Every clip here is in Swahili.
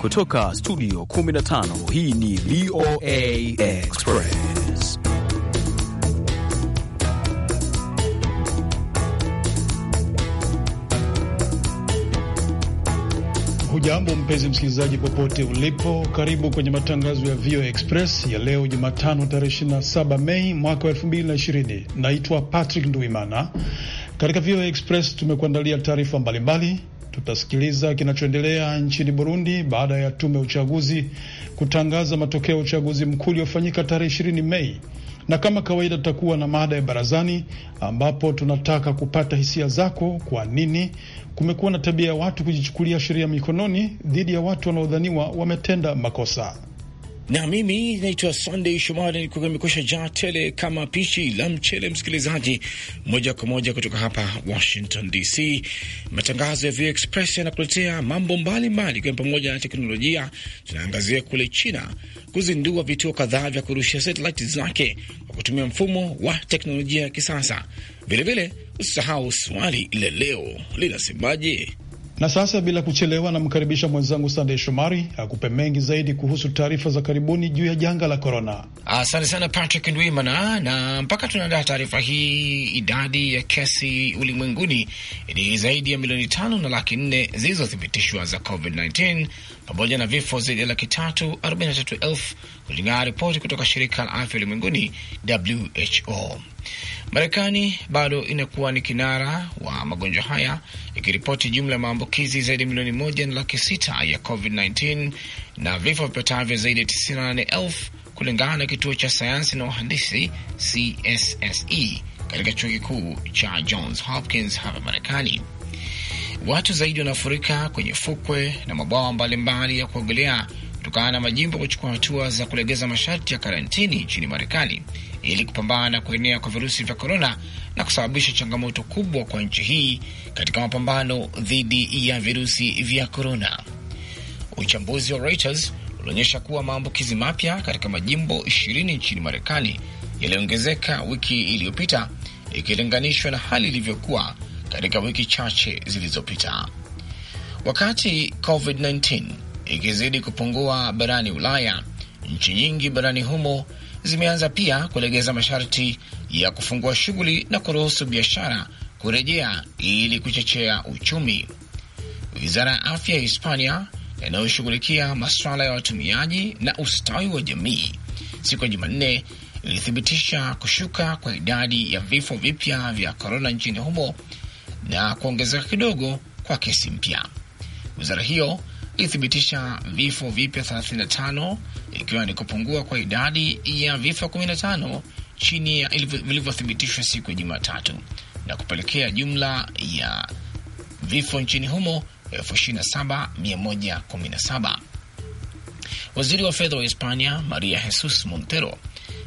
Kutoka studio 15 hii ni VOA Express. Hujambo mpenzi msikilizaji, popote ulipo, karibu kwenye matangazo ya VOA Express ya leo Jumatano tarehe 27 Mei mwaka wa 2020. Naitwa Patrick Nduimana. Katika VOA Express tumekuandalia taarifa mbalimbali tutasikiliza kinachoendelea nchini Burundi baada ya tume ya uchaguzi kutangaza matokeo ya uchaguzi mkuu uliofanyika tarehe ishirini Mei, na kama kawaida tutakuwa na mada ya barazani, ambapo tunataka kupata hisia zako. Kwa nini kumekuwa na tabia ya watu kujichukulia sheria mikononi dhidi ya watu wanaodhaniwa wametenda makosa? na mimi naitwa Sunday Shomari, nilikuwa nimekusha ja tele kama pishi la mchele, msikilizaji, moja kwa moja kutoka hapa Washington DC. Matangazo ya VOA Express yanakuletea mambo mbalimbali, ikiwa pamoja na teknolojia. Tunaangazia kule China kuzindua vituo kadhaa vya kurushia satelaiti zake kwa kutumia mfumo wa teknolojia ya kisasa. Vilevile usisahau swali la leo linasemaje? Na sasa bila kuchelewa, namkaribisha mwenzangu Sandey Shomari akupe mengi zaidi kuhusu taarifa za karibuni juu ya janga la korona. Asante sana Patrick Ndwimana. Na mpaka tunaandaa taarifa hii, idadi ya kesi ulimwenguni ni zaidi ya milioni tano na laki nne zilizothibitishwa za COVID-19 pamoja na vifo zaidi ya laki tatu arobaini na tatu elfu kulingana na ripoti kutoka shirika la afya ulimwenguni WHO. Marekani bado inakuwa ni kinara wa magonjwa haya ikiripoti jumla ya maambukizi zaidi ya milioni moja na laki sita ya COVID-19 na vifo vipatavyo zaidi ya 98 elfu kulingana na kituo cha sayansi na uhandisi CSSE katika chuo kikuu cha Johns Hopkins hapa Marekani. Watu zaidi wanafurika kwenye fukwe na mabwawa mbalimbali ya kuogelea kutokana na majimbo kuchukua hatua za kulegeza masharti ya karantini nchini Marekani ili kupambana na kuenea kwa virusi vya korona na kusababisha changamoto kubwa kwa nchi hii katika mapambano dhidi ya virusi vya korona. Uchambuzi wa Reuters ulionyesha kuwa maambukizi mapya katika majimbo ishirini nchini Marekani yaliongezeka wiki iliyopita ikilinganishwa na hali ilivyokuwa katika wiki chache zilizopita, wakati COVID-19 ikizidi kupungua barani Ulaya. Nchi nyingi barani humo zimeanza pia kulegeza masharti ya kufungua shughuli na kuruhusu biashara kurejea ili kuchochea uchumi. Wizara ya afya ya Hispania yanayoshughulikia masuala ya watumiaji na ustawi wa jamii siku ya Jumanne ilithibitisha kushuka kwa idadi ya vifo vipya vya korona nchini humo na kuongezeka kidogo kwa kesi mpya. Wizara hiyo ilithibitisha vifo vipya 35 ikiwa ni kupungua kwa idadi ya vifo 15 chini ya vilivyothibitishwa siku ya Jumatatu na kupelekea jumla ya vifo nchini humo 27117. Waziri wa fedha wa Hispania Maria Jesus Montero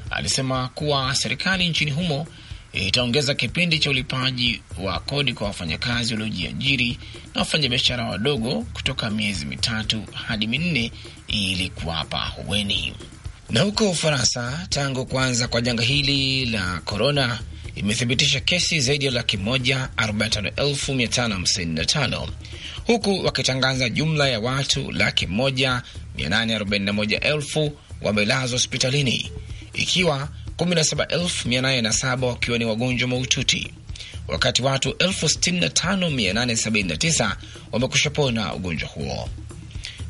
alisema kuwa serikali nchini humo itaongeza kipindi cha ulipaji wa kodi kwa wafanyakazi waliojiajiri na wafanyabiashara wadogo kutoka miezi mitatu hadi minne ili kuwapa weni Na huko Ufaransa, tangu kuanza kwa janga hili la korona, imethibitisha kesi zaidi ya laki moja 45,555 huku wakitangaza jumla ya watu laki moja wamelazwa hospitalini ikiwa 17,807 wakiwa ni wagonjwa mahututi, wakati watu 65,879 wamekusha pona ugonjwa huo.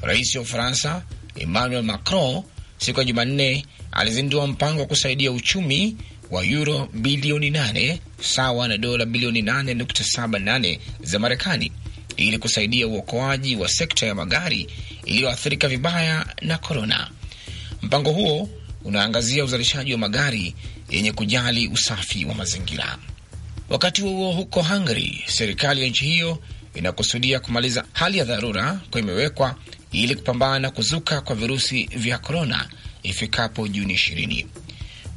Rais wa Ufaransa Emmanuel Macron siku ya Jumanne alizindua mpango wa kusaidia uchumi wa euro bilioni 8 sawa na dola bilioni 8.78 za Marekani ili kusaidia uokoaji wa sekta ya magari iliyoathirika vibaya na korona. Mpango huo unaangazia uzalishaji wa magari yenye kujali usafi wa mazingira. Wakati huo huko Hungary, serikali ya nchi hiyo inakusudia kumaliza hali ya dharura kwa imewekwa ili kupambana na kuzuka kwa virusi vya korona ifikapo Juni 20.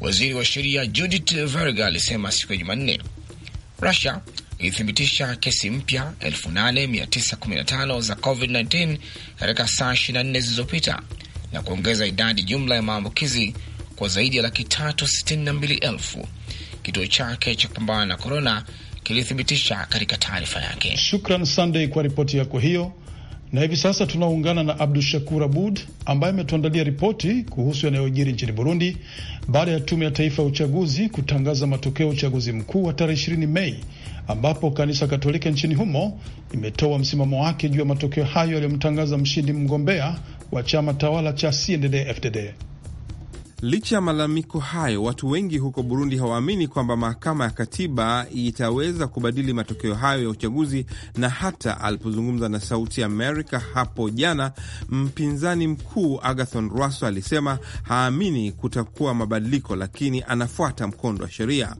Waziri wa sheria Judith Verga alisema siku ya Jumanne Rusia ilithibitisha kesi mpya 8915 za COVID-19 katika saa 24 zilizopita na kuongeza idadi jumla ya maambukizi kwa zaidi ya laki tatu sitini na mbili elfu. Kituo chake cha kupambana na korona kilithibitisha katika taarifa yake. Shukran Sunday kwa ripoti yako hiyo. Na hivi sasa tunaungana na Abdu Shakur Abud ambaye ametuandalia ripoti kuhusu yanayojiri nchini Burundi baada ya tume ya taifa ya uchaguzi kutangaza matokeo ya uchaguzi mkuu wa tarehe 2 Mei, ambapo kanisa Katoliki nchini humo imetoa msimamo wake juu ya matokeo hayo yaliyomtangaza mshindi mgombea wa chama tawala cha CNDD-FDD. Licha ya malalamiko hayo, watu wengi huko Burundi hawaamini kwamba mahakama ya katiba itaweza kubadili matokeo hayo ya uchaguzi. Na hata alipozungumza na Sauti Amerika hapo jana, mpinzani mkuu Agathon Rwasa alisema haamini kutakuwa mabadiliko, lakini anafuata mkondo wa sheria.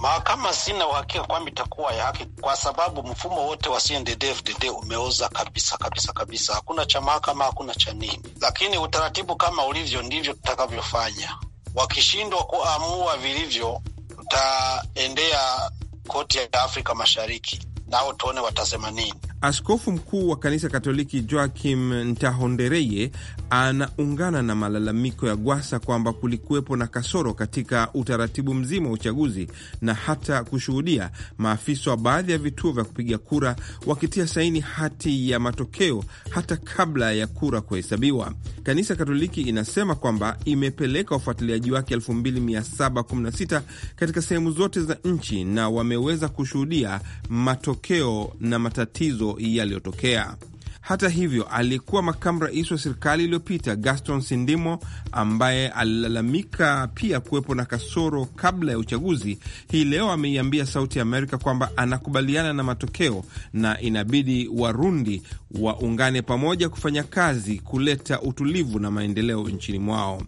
Mahakama sina uhakika kwamba itakuwa ya haki, kwa sababu mfumo wote wa CNDD-FDD umeoza kabisa kabisa kabisa. Hakuna cha mahakama, hakuna cha nini, lakini utaratibu kama ulivyo ndivyo tutakavyofanya. Wakishindwa kuamua vilivyo, tutaendea koti ya Afrika Mashariki, nao tuone watasema nini. Askofu mkuu wa kanisa Katoliki Joakim Ntahondereye anaungana na malalamiko ya Gwasa kwamba kulikuwepo na kasoro katika utaratibu mzima wa uchaguzi na hata kushuhudia maafisa wa baadhi ya vituo vya kupiga kura wakitia saini hati ya matokeo hata kabla ya kura kuhesabiwa. Kanisa Katoliki inasema kwamba imepeleka ufuatiliaji wake 2716 katika sehemu zote za nchi na wameweza kushuhudia matokeo na matatizo yaliyotokea. Hata hivyo, alikuwa makamu rais wa serikali iliyopita Gaston Sindimo, ambaye alilalamika pia kuwepo na kasoro kabla ya uchaguzi, hii leo ameiambia Sauti ya Amerika kwamba anakubaliana na matokeo na inabidi Warundi waungane pamoja kufanya kazi kuleta utulivu na maendeleo nchini mwao.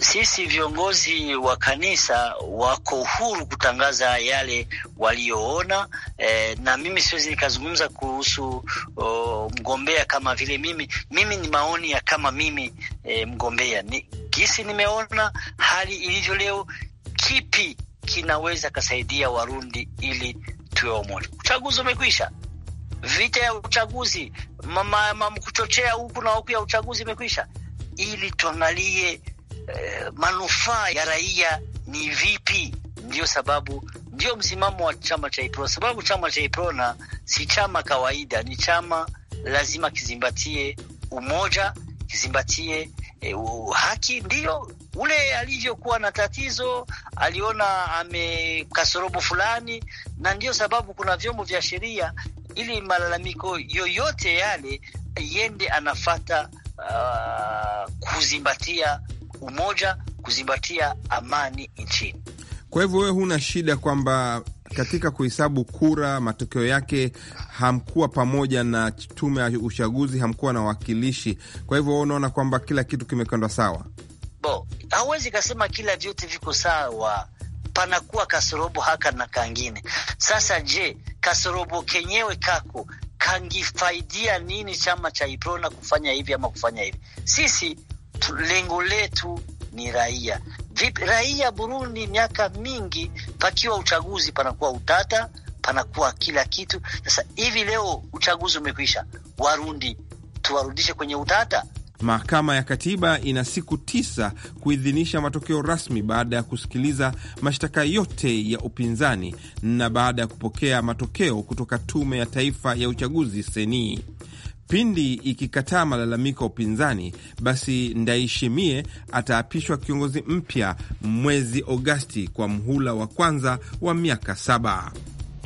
Sisi viongozi wa kanisa wako huru kutangaza yale walioona, E, na mimi siwezi nikazungumza kuhusu o, mgombea kama vile mimi mimi ni maoni ya kama mimi e, mgombea ni, gisi nimeona hali ilivyo leo, kipi kinaweza kasaidia Warundi ili tuwe wamoja. Uchaguzi umekwisha, vita ya uchaguzi mama, mama, kuchochea huku na huku ya uchaguzi imekwisha, ili tuangalie Eh, manufaa ya raia ni vipi? ndio sababu ndio msimamo wa chama cha IPRO, sababu chama cha na si chama kawaida, ni chama lazima kizimbatie umoja, kizimbatie e, eh, haki. ndio ule alivyokuwa na tatizo, aliona amekasorobo fulani, na ndio sababu kuna vyombo vya sheria ili malalamiko yoyote yale yende anafata uh, ah, kuzimbatia umoja, kuzingatia amani nchini. Kwa hivyo wewe huna shida kwamba katika kuhesabu kura matokeo yake hamkuwa pamoja na tume ya uchaguzi, hamkuwa na wakilishi. Kwa hivyo unaona kwamba kila kitu kimekwenda sawa? Bo, hauwezi kasema kila vyote viko sawa, panakuwa kasorobo haka na kangine. Sasa je, kasorobo kenyewe kako kangifaidia nini chama cha Iprona kufanya hivi ama kufanya hivi? Sisi lengo letu ni raia. Vipi raia Burundi? Miaka mingi pakiwa uchaguzi, panakuwa utata, panakuwa kila kitu. Sasa hivi leo uchaguzi umekwisha, Warundi tuwarudishe kwenye utata? Mahakama ya Katiba ina siku tisa kuidhinisha matokeo rasmi baada ya kusikiliza mashtaka yote ya upinzani na baada ya kupokea matokeo kutoka Tume ya Taifa ya Uchaguzi senii Pindi ikikataa malalamiko ya upinzani, basi Ndaishimie ataapishwa kiongozi mpya mwezi Agosti kwa mhula wa kwanza wa miaka saba.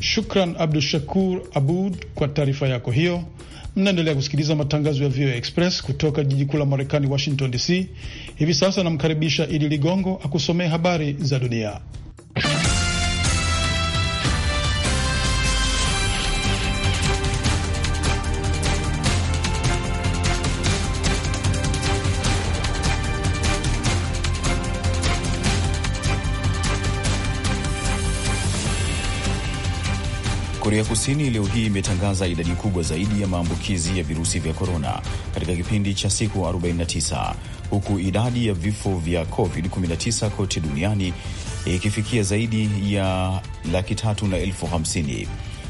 Shukran Abdu Shakur Abud kwa taarifa yako hiyo. Mnaendelea kusikiliza matangazo ya VOA Express kutoka jiji kuu la Marekani, Washington DC. Hivi sasa namkaribisha Idi Ligongo akusomee habari za dunia. Korea Kusini leo hii imetangaza idadi kubwa zaidi ya maambukizi ya virusi vya korona katika kipindi cha siku 49 huku idadi ya vifo vya COVID-19 kote duniani ikifikia zaidi ya laki tatu na elfu hamsini.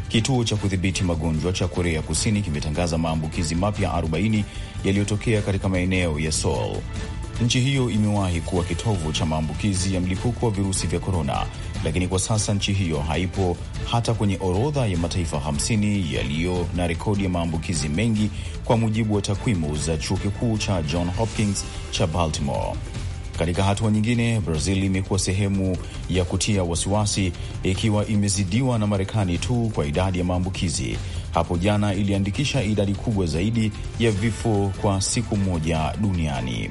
Kituo cha kudhibiti magonjwa cha Korea Kusini kimetangaza maambukizi mapya 40 yaliyotokea katika maeneo ya Seoul. Nchi hiyo imewahi kuwa kitovu cha maambukizi ya mlipuko wa virusi vya korona lakini kwa sasa nchi hiyo haipo hata kwenye orodha ya mataifa 50 yaliyo na rekodi ya maambukizi mengi kwa mujibu wa takwimu za chuo kikuu cha John Hopkins cha Baltimore. Katika hatua nyingine, Brazil imekuwa sehemu ya kutia wasiwasi ikiwa imezidiwa na Marekani tu kwa idadi ya maambukizi. Hapo jana iliandikisha idadi kubwa zaidi ya vifo kwa siku moja duniani.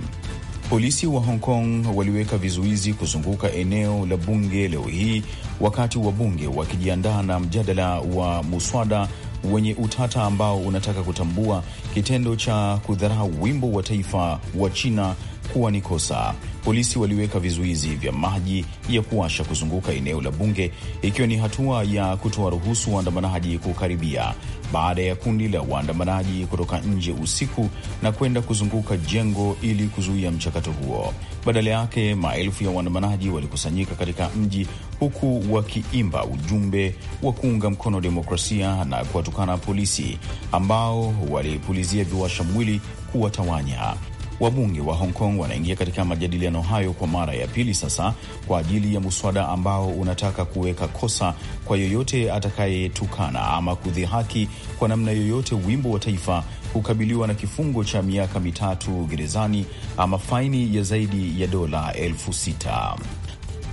Polisi wa Hong Kong waliweka vizuizi kuzunguka eneo la bunge leo hii wakati wa bunge wakijiandaa na mjadala wa muswada wenye utata ambao unataka kutambua kitendo cha kudharau wimbo wa taifa wa China kuwa ni kosa. Polisi waliweka vizuizi vya maji ya kuwasha kuzunguka eneo la bunge, ikiwa ni hatua ya kutoa ruhusu waandamanaji kukaribia, baada ya kundi la waandamanaji kutoka nje usiku na kwenda kuzunguka jengo ili kuzuia mchakato huo. Badala yake, maelfu ya waandamanaji walikusanyika katika mji, huku wakiimba ujumbe wa kuunga mkono demokrasia na kuwatukana polisi ambao walipulizia viwasha mwili kuwatawanya. Wabunge wa Hong Kong wanaingia katika majadiliano hayo kwa mara ya pili sasa kwa ajili ya muswada ambao unataka kuweka kosa kwa yoyote atakayetukana ama kudhihaki kwa namna yoyote wimbo wa taifa kukabiliwa na kifungo cha miaka mitatu gerezani ama faini ya zaidi ya dola elfu sita.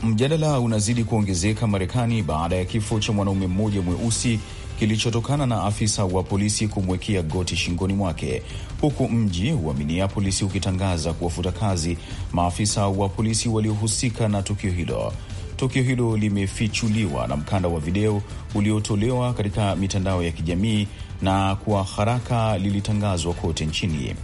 Mjadala unazidi kuongezeka Marekani baada ya kifo cha mwanaume mmoja mweusi kilichotokana na afisa wa polisi kumwekea goti shingoni mwake, huku mji wa Minneapolis ukitangaza kuwafuta kazi maafisa wa polisi waliohusika na tukio hilo. Tukio hilo limefichuliwa na mkanda wa video uliotolewa katika mitandao ya kijamii na kwa haraka lilitangazwa kote nchini.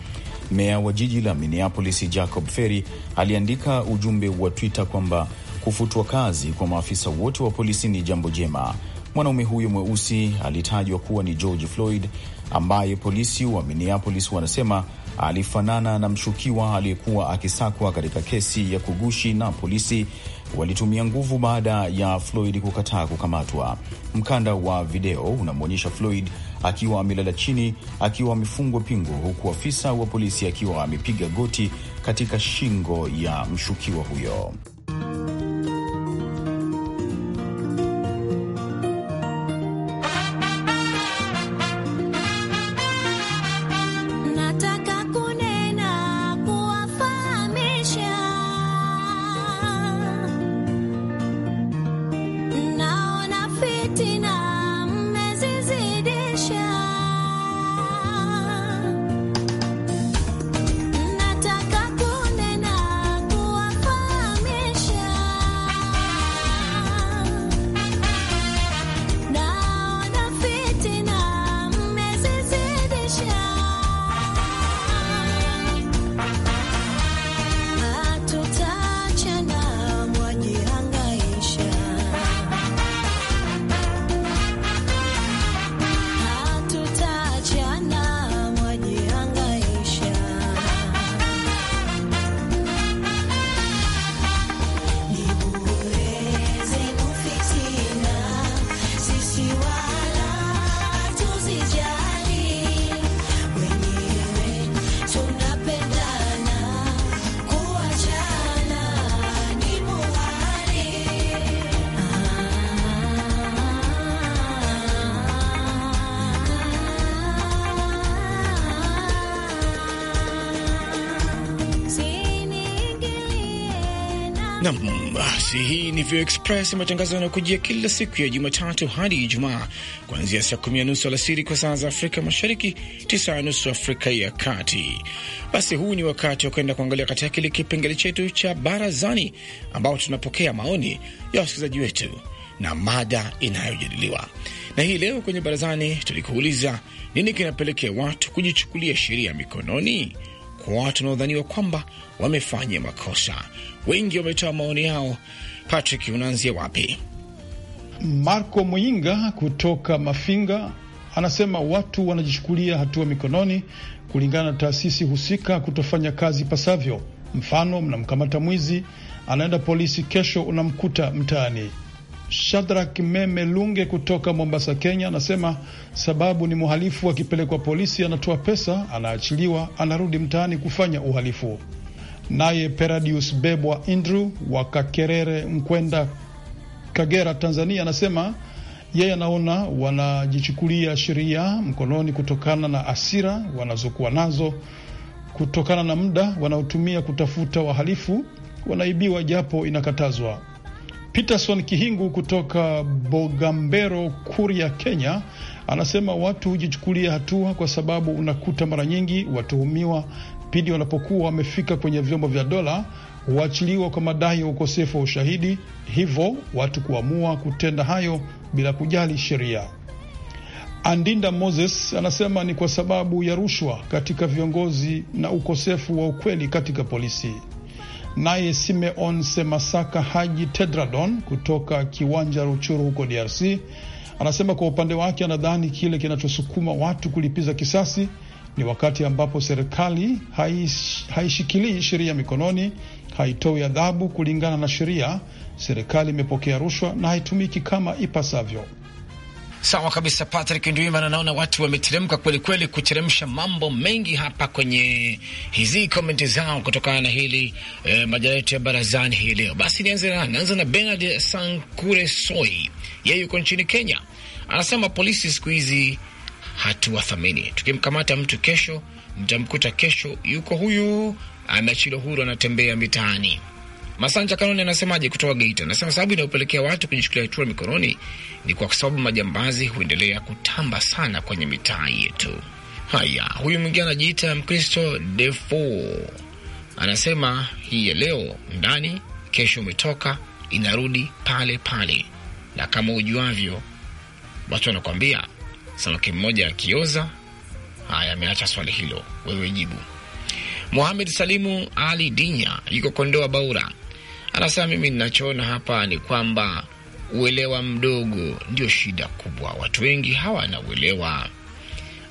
Meya wa jiji la Minneapolis Jacob Ferry aliandika ujumbe wa Twitter kwamba kufutwa kazi kwa maafisa wote wa polisi ni jambo jema, Mwanaume huyo mweusi alitajwa kuwa ni George Floyd ambaye polisi wa Minneapolis wanasema alifanana na mshukiwa aliyekuwa akisakwa katika kesi ya kugushi na polisi walitumia nguvu baada ya Floyd kukataa kukamatwa. Mkanda wa video unamwonyesha Floyd akiwa amelala chini akiwa amefungwa pingu, huku afisa wa polisi akiwa amepiga goti katika shingo ya mshukiwa huyo. basi, hii ni Vio Express, matangazo yanayokujia kila siku ya Jumatatu hadi Ijumaa, kuanzia saa kumi na nusu alasiri kwa saa za Afrika Mashariki, tisa na nusu Afrika ya Kati. Basi huu ni wakati wa kwenda kuangalia katika kile kipengele chetu cha Barazani, ambao tunapokea maoni ya wasikilizaji wetu na mada inayojadiliwa. Na hii leo kwenye Barazani tulikuuliza nini kinapelekea watu kujichukulia sheria mikononi? kwa watu wanaodhaniwa kwamba wamefanya makosa. Wengi wametoa maoni yao. Patrick, unaanzia wapi? Marco Mwinga kutoka Mafinga anasema watu wanajichukulia hatua mikononi kulingana na taasisi husika kutofanya kazi pasavyo. Mfano, mnamkamata mwizi, anaenda polisi, kesho unamkuta mtaani. Shadrak Meme Lunge kutoka Mombasa, Kenya, anasema sababu ni mhalifu akipelekwa polisi, anatoa pesa, anaachiliwa, anarudi mtaani kufanya uhalifu. Naye Peradius Bebwa Andrew wa Kakerere, Mkwenda, Kagera, Tanzania, anasema yeye anaona wanajichukulia sheria mkononi kutokana na asira wanazokuwa nazo, kutokana na muda wanaotumia kutafuta wahalifu, wanaibiwa japo inakatazwa. Peterson Kihingu kutoka Bogambero, Kuria, Kenya, anasema watu hujichukulia hatua kwa sababu unakuta mara nyingi watuhumiwa pindi wanapokuwa wamefika kwenye vyombo vya dola huachiliwa kwa madai ya ukosefu wa ushahidi, hivyo watu kuamua kutenda hayo bila kujali sheria. Andinda Moses anasema ni kwa sababu ya rushwa katika viongozi na ukosefu wa ukweli katika polisi. Naye Simeon Semasaka Haji Tedradon kutoka kiwanja Ruchuru huko DRC anasema kwa upande wake anadhani kile kinachosukuma watu kulipiza kisasi ni wakati ambapo serikali haish, haishikilii sheria mikononi, haitoi adhabu kulingana na sheria. Serikali imepokea rushwa na haitumiki kama ipasavyo. Sawa kabisa, Patrick Ndwimana. Naona watu wameteremka kwelikweli, kuteremsha mambo mengi hapa kwenye hizi komenti zao kutokana na hili eh, majara yetu ya barazani hii leo. Basi nianze na naanza na Bernard Sankure Soi, yeye yuko nchini Kenya, anasema polisi siku hizi hatuwathamini. Tukimkamata mtu kesho, mtamkuta kesho yuko huyu ameachiliwa huru, anatembea mitaani. Masanja Kanoni anasemaje kutoka Geita? Anasema sababu inayopelekea watu kujichukulia hatua mikononi ni kwa sababu majambazi huendelea kutamba sana kwenye mitaa yetu. Haya, huyu mwingine anajiita Mkristo Defo anasema hii ya leo ndani, kesho umetoka, inarudi pale pale, na kama ujuavyo, watu wanakwambia samaki mmoja akioza. Haya, ameacha swali hilo, wewe jibu. Muhamed Salimu Ali Dinya yuko Kondoa Baura Anasema mimi ninachoona hapa ni kwamba uelewa mdogo ndio shida kubwa, watu wengi hawana uelewa.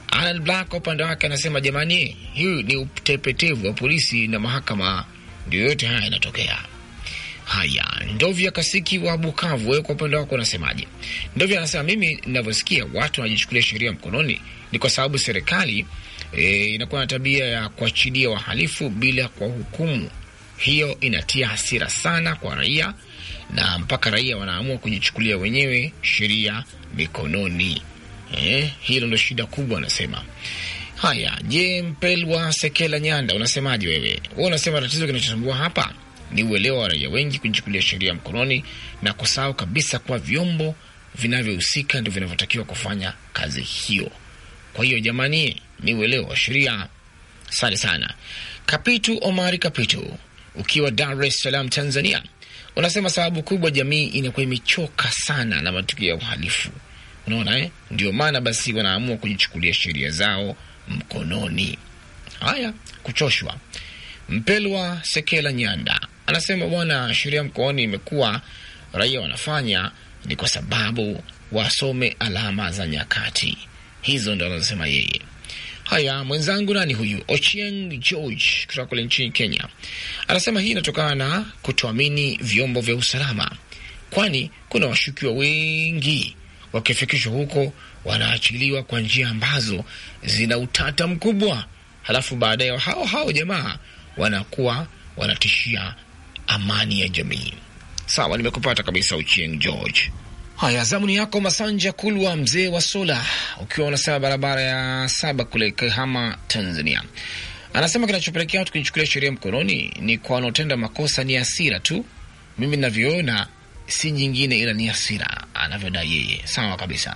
Alan Black kwa upande wake anasema jamani, hii ni utepetevu wa polisi na mahakama, ndio yote haya yanatokea. Haya, Ndovya Kasiki wa Bukavu, wewe eh, kwa upande wako unasemaje? Ndovya anasema mimi ninavyosikia watu wanajichukulia sheria mkononi ni kwa sababu serikali e, inakuwa na tabia ya kuachilia wahalifu bila kwa hukumu hiyo inatia hasira sana kwa raia, na mpaka raia wanaamua kujichukulia wenyewe sheria mikononi. Eh, hilo ndo shida kubwa anasema. Haya, je, Mpelwa Sekela Nyanda, unasemaje wewe? Wewe unasema tatizo kinachosumbua hapa ni uelewa wa raia wengi kujichukulia sheria mkononi na kusahau kabisa kuwa vyombo vinavyohusika ndio vinavyotakiwa kufanya kazi hiyo. Kwa hiyo jamani, ni uelewa wa sheria. Asante sana Kapitu Omari Kapitu ukiwa Dar es Salaam, Tanzania, unasema sababu kubwa jamii inakuwa imechoka sana na matukio ya uhalifu. Unaona eh? Ndio maana basi wanaamua kujichukulia sheria zao mkononi. Haya, kuchoshwa. Mpelwa Sekela Nyanda anasema bwana, sheria mkononi imekuwa raia wanafanya ni kwa sababu wasome alama za nyakati hizo, ndo anazosema yeye. Haya, mwenzangu nani huyu, Ochieng George kutoka kule nchini Kenya, anasema hii inatokana na kutoamini vyombo vya usalama, kwani kuna washukiwa wengi wakifikishwa huko wanaachiliwa kwa njia ambazo zina utata mkubwa, halafu baadaye hao hao jamaa wanakuwa wanatishia amani ya jamii. Sawa, nimekupata kabisa Uchieng George. Haya, zamu ni yako Masanja Kulwa, mzee wa sola, ukiwa unasema barabara ya saba kule Kahama, Tanzania. Anasema kinachopelekea watu kuichukulia sheria mkononi ni kwa wanaotenda makosa, ni hasira tu. Mimi ninavyoona si nyingine ila ni hasira, anavyodai yeye. Sawa kabisa.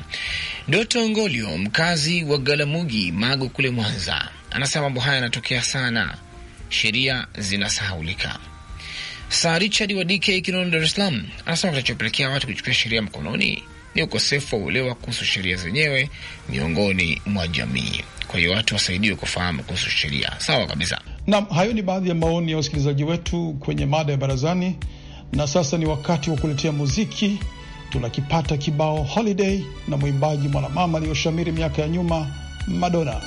Doto Ngolio, mkazi wa Galamugi Magu kule Mwanza, anasema mambo haya yanatokea sana, sheria zinasahaulika. Sir Richard wa DK Kinoni, Dar es Salaam, anasema kinachopelekea watu kuchukua sheria mkononi ni ukosefu wa uelewa kuhusu sheria zenyewe miongoni mwa jamii. Kwa hiyo watu wasaidiwe kufahamu kuhusu sheria. Sawa kabisa. Naam, hayo ni baadhi ya maoni ya wasikilizaji wetu kwenye mada ya barazani, na sasa ni wakati wa kuletea muziki. Tunakipata kibao Holiday na mwimbaji mwanamama aliyoshamiri miaka ya nyuma Madonna.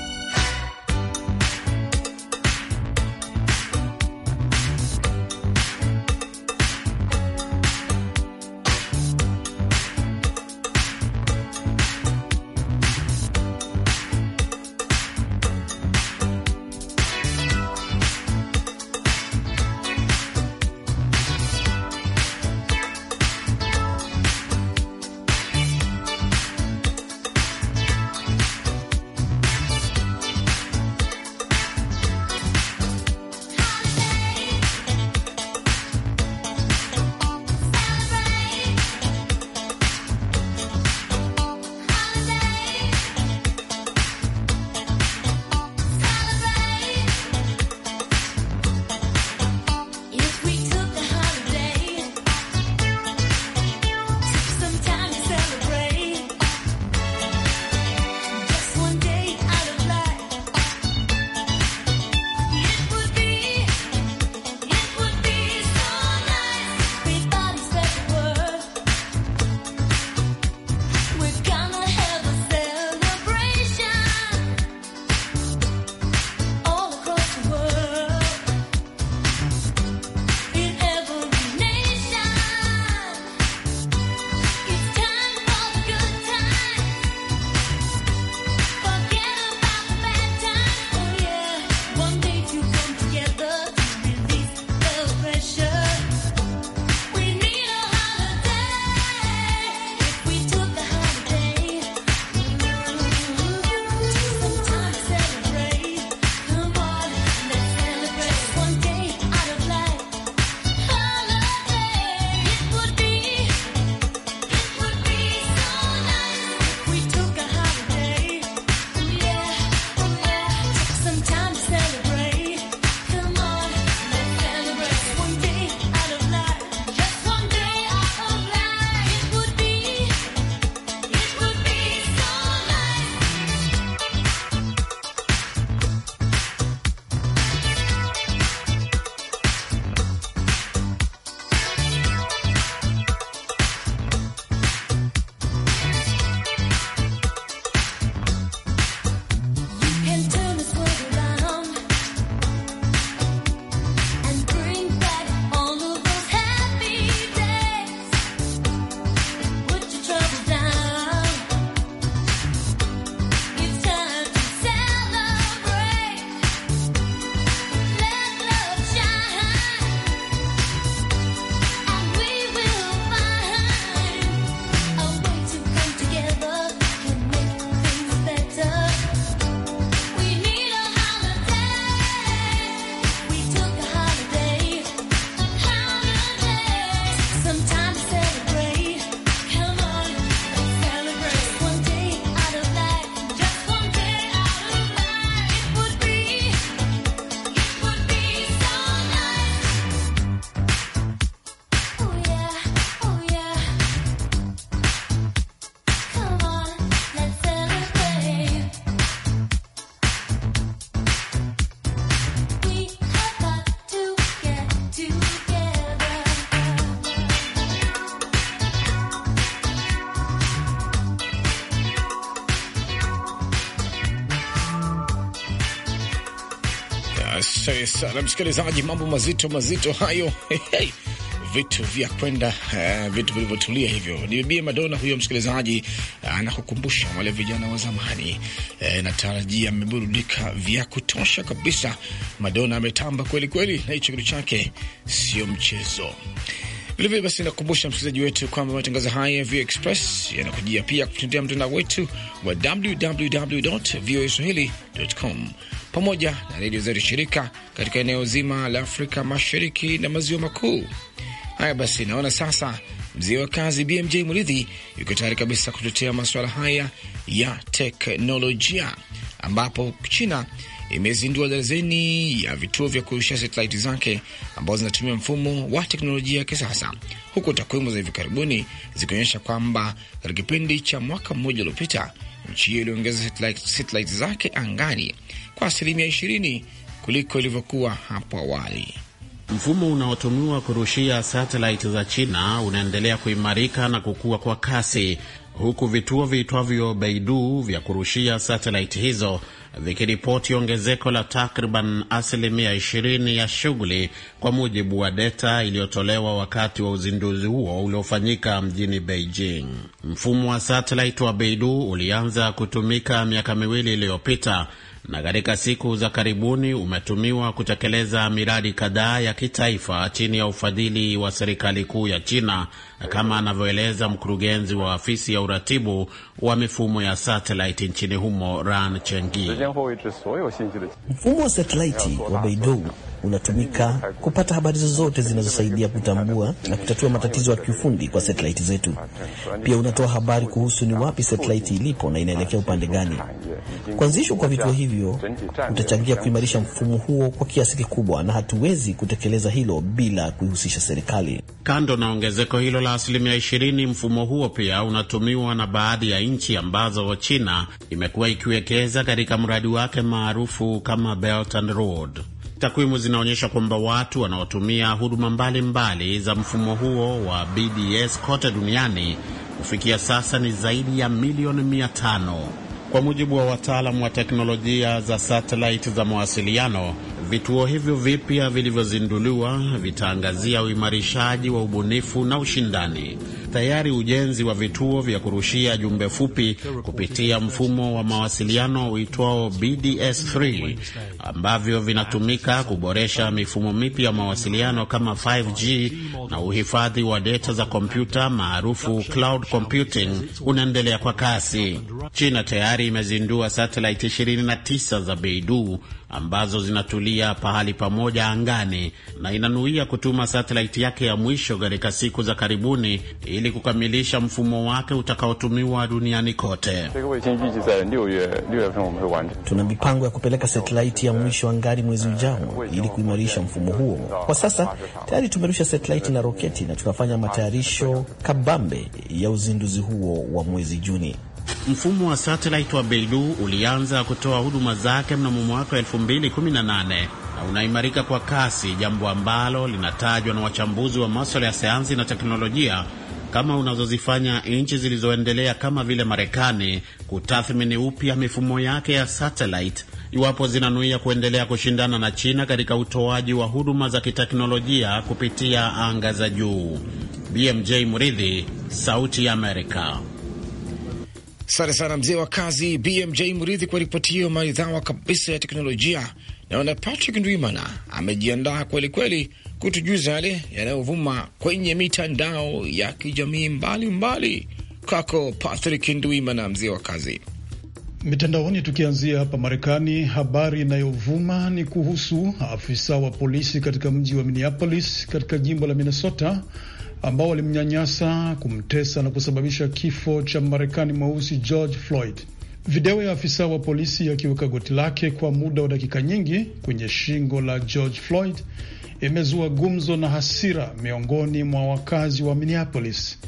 sana msikilizaji, mambo mazito mazito hayo. Hey, hey. Vitu vya kwenda uh, vitu vilivyotulia hivyo. Ni Bibi Madonna huyo, msikilizaji, eh, anakukumbusha uh, wale vijana wa zamani uh, natarajia mmeburudika vya kutosha kabisa. Madonna ametamba kweli kweli, na hicho kitu chake sio mchezo. Vilevile basi, nakukumbusha msikilizaji wetu kwamba matangazo haya ya VOA Express yanakujia pia kupitia mtandao wetu wa www voa swahili.com pamoja na redio zetu shirika katika eneo zima la Afrika Mashariki na Maziwa Makuu. Haya basi, naona sasa mzee wa kazi BMJ Muridhi yuko tayari kabisa kutetea masuala haya ya teknolojia, ambapo China imezindua darzeni ya vituo vya kurusha satelaiti zake ambazo zinatumia mfumo wa teknolojia ya kisasa, huku takwimu za hivi karibuni zikionyesha kwamba katika kipindi cha mwaka mmoja uliopita nchi hiyo iliongeza satelaiti zake angani kwa asilimia 20 kuliko ilivyokuwa hapo awali. Mfumo unaotumiwa kurushia satelaiti za China unaendelea kuimarika na kukua kwa kasi huku vituo viitwavyo beidu vya kurushia satelaiti hizo vikiripoti ongezeko la takriban asilimia 20 ya shughuli, kwa mujibu wa deta iliyotolewa wakati wa uzinduzi huo uliofanyika mjini Beijing. Mfumo wa satelaiti wa beidu ulianza kutumika miaka miwili iliyopita na katika siku za karibuni umetumiwa kutekeleza miradi kadhaa ya kitaifa chini ya ufadhili wa serikali kuu ya China, kama anavyoeleza mkurugenzi wa afisi ya uratibu wa mifumo ya satelaiti nchini humo Ran Chengi. Mfumo wa satelaiti wa Beidou unatumika kupata habari zozote zinazosaidia kutambua na kutatua matatizo ya kiufundi kwa satelaiti zetu. Pia unatoa habari kuhusu ni wapi satelaiti ilipo na inaelekea upande gani. Kuanzishwa kwa vituo hivyo utachangia kuimarisha mfumo huo kwa kiasi kikubwa, na hatuwezi kutekeleza hilo bila kuihusisha serikali. Kando na ongezeko hilo la asilimia ishirini, mfumo huo pia unatumiwa na baadhi ya nchi ambazo China imekuwa ikiwekeza katika mradi wake maarufu kama Belt and Road. Takwimu zinaonyesha kwamba watu wanaotumia huduma mbalimbali za mfumo huo wa BDS kote duniani kufikia sasa ni zaidi ya milioni mia tano. Kwa mujibu wa wataalamu wa teknolojia za satellite za mawasiliano, vituo hivyo vipya vilivyozinduliwa vitaangazia uimarishaji wa ubunifu na ushindani tayari ujenzi wa vituo vya kurushia jumbe fupi kupitia mfumo wa mawasiliano uitwao BDS3 ambavyo vinatumika kuboresha mifumo mipya ya mawasiliano kama 5G na uhifadhi wa data za kompyuta maarufu cloud computing unaendelea kwa kasi. China tayari imezindua satelit 29 za Beidou ambazo zinatulia pahali pamoja angani na inanuia kutuma satelaiti yake ya mwisho katika siku za karibuni ili kukamilisha mfumo wake utakaotumiwa duniani kote. Tuna mipango ya kupeleka satelaiti ya mwisho angani mwezi ujao ili kuimarisha mfumo huo. Kwa sasa tayari tumerusha satelaiti na roketi na tunafanya matayarisho kabambe ya uzinduzi huo wa mwezi Juni. Mfumo wa satellite wa Beidou ulianza kutoa huduma zake mnamo mwaka 2018 na unaimarika kwa kasi, jambo ambalo linatajwa na wachambuzi wa maswala ya sayansi na teknolojia kama unazozifanya nchi zilizoendelea kama vile Marekani kutathmini upya mifumo yake ya satellite iwapo zinanuia kuendelea kushindana na China katika utoaji wa huduma za kiteknolojia kupitia anga za juu. BMJ Muridhi, Sauti ya Amerika. Asante sana mzee wa kazi BMJ Mridhi kwa ripoti hiyo maridhawa kabisa ya teknolojia. Naona Patrick Ndwimana amejiandaa kwelikweli kutujuza yale yanayovuma kwenye mitandao ya kijamii mbalimbali. Kwako Patrick Ndwimana, mzee wa kazi mitandaoni. Tukianzia hapa Marekani, habari inayovuma ni kuhusu afisa wa polisi katika mji wa Minneapolis katika jimbo la Minnesota ambao walimnyanyasa, kumtesa na kusababisha kifo cha Marekani mweusi George Floyd. Video ya afisa wa polisi akiweka goti lake kwa muda wa dakika nyingi kwenye shingo la George Floyd imezua gumzo na hasira miongoni mwa wakazi wa Minneapolis.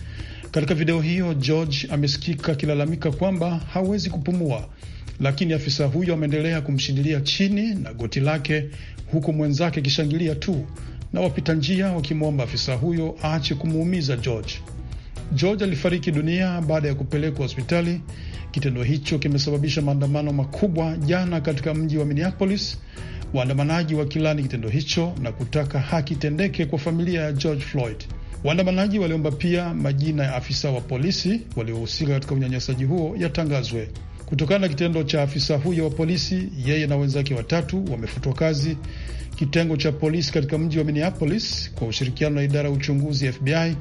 Katika video hiyo, George amesikika akilalamika kwamba hawezi kupumua, lakini afisa huyo ameendelea kumshindilia chini na goti lake, huku mwenzake akishangilia tu na wapita njia wakimwomba afisa huyo aache kumuumiza George. George alifariki dunia baada ya kupelekwa hospitali. Kitendo hicho kimesababisha maandamano makubwa jana katika mji wa Minneapolis, waandamanaji wakilani kitendo hicho na kutaka haki tendeke kwa familia ya George Floyd. Waandamanaji waliomba pia majina ya afisa wa polisi waliohusika katika unyanyasaji huo yatangazwe kutokana na kitendo cha afisa huyo wa polisi. Yeye na wenzake watatu wamefutwa kazi. Kitengo cha polisi katika mji wa Minneapolis kwa ushirikiano na idara ya uchunguzi FBI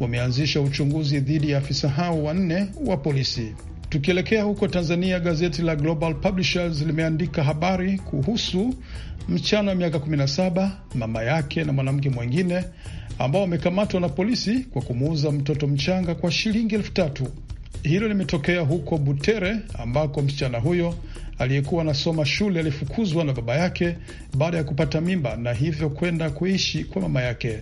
wameanzisha uchunguzi dhidi ya afisa hao wanne wa polisi. Tukielekea huko Tanzania, gazeti la Global Publishers limeandika habari kuhusu mchana wa miaka 17, mama yake na mwanamke mwengine ambao wamekamatwa na polisi kwa kumuuza mtoto mchanga kwa shilingi elfu tatu. Hilo limetokea huko Butere ambako msichana huyo aliyekuwa anasoma shule alifukuzwa na baba yake baada ya kupata mimba na hivyo kwenda kuishi kwa mama yake.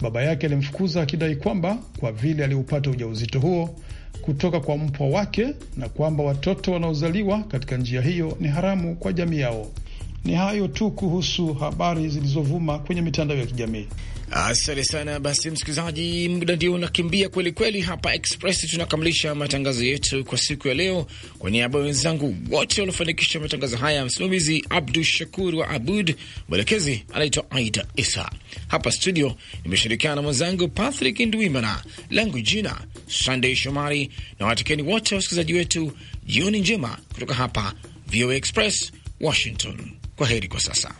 Baba yake alimfukuza akidai kwamba kwa vile aliupata ujauzito huo kutoka kwa mpwa wake na kwamba watoto wanaozaliwa katika njia hiyo ni haramu kwa jamii yao. Ni hayo tu kuhusu habari zilizovuma kwenye mitandao ya kijamii. Asante sana. Basi msikilizaji, muda ndio unakimbia kweli kweli. Hapa Express tunakamilisha matangazo yetu kwa siku ya leo. Kwa niaba ya wenzangu wote waliofanikisha matangazo haya, msimamizi Abdu Shakur wa Abud, mwelekezi anaitwa Aida Isa. Hapa studio nimeshirikiana na mwenzangu Patrick Ndwimana, langu jina Sandey Shomari na watikeni wote wasikilizaji wetu, jioni njema kutoka hapa VOA Express Washington. Kwa heri kwa sasa.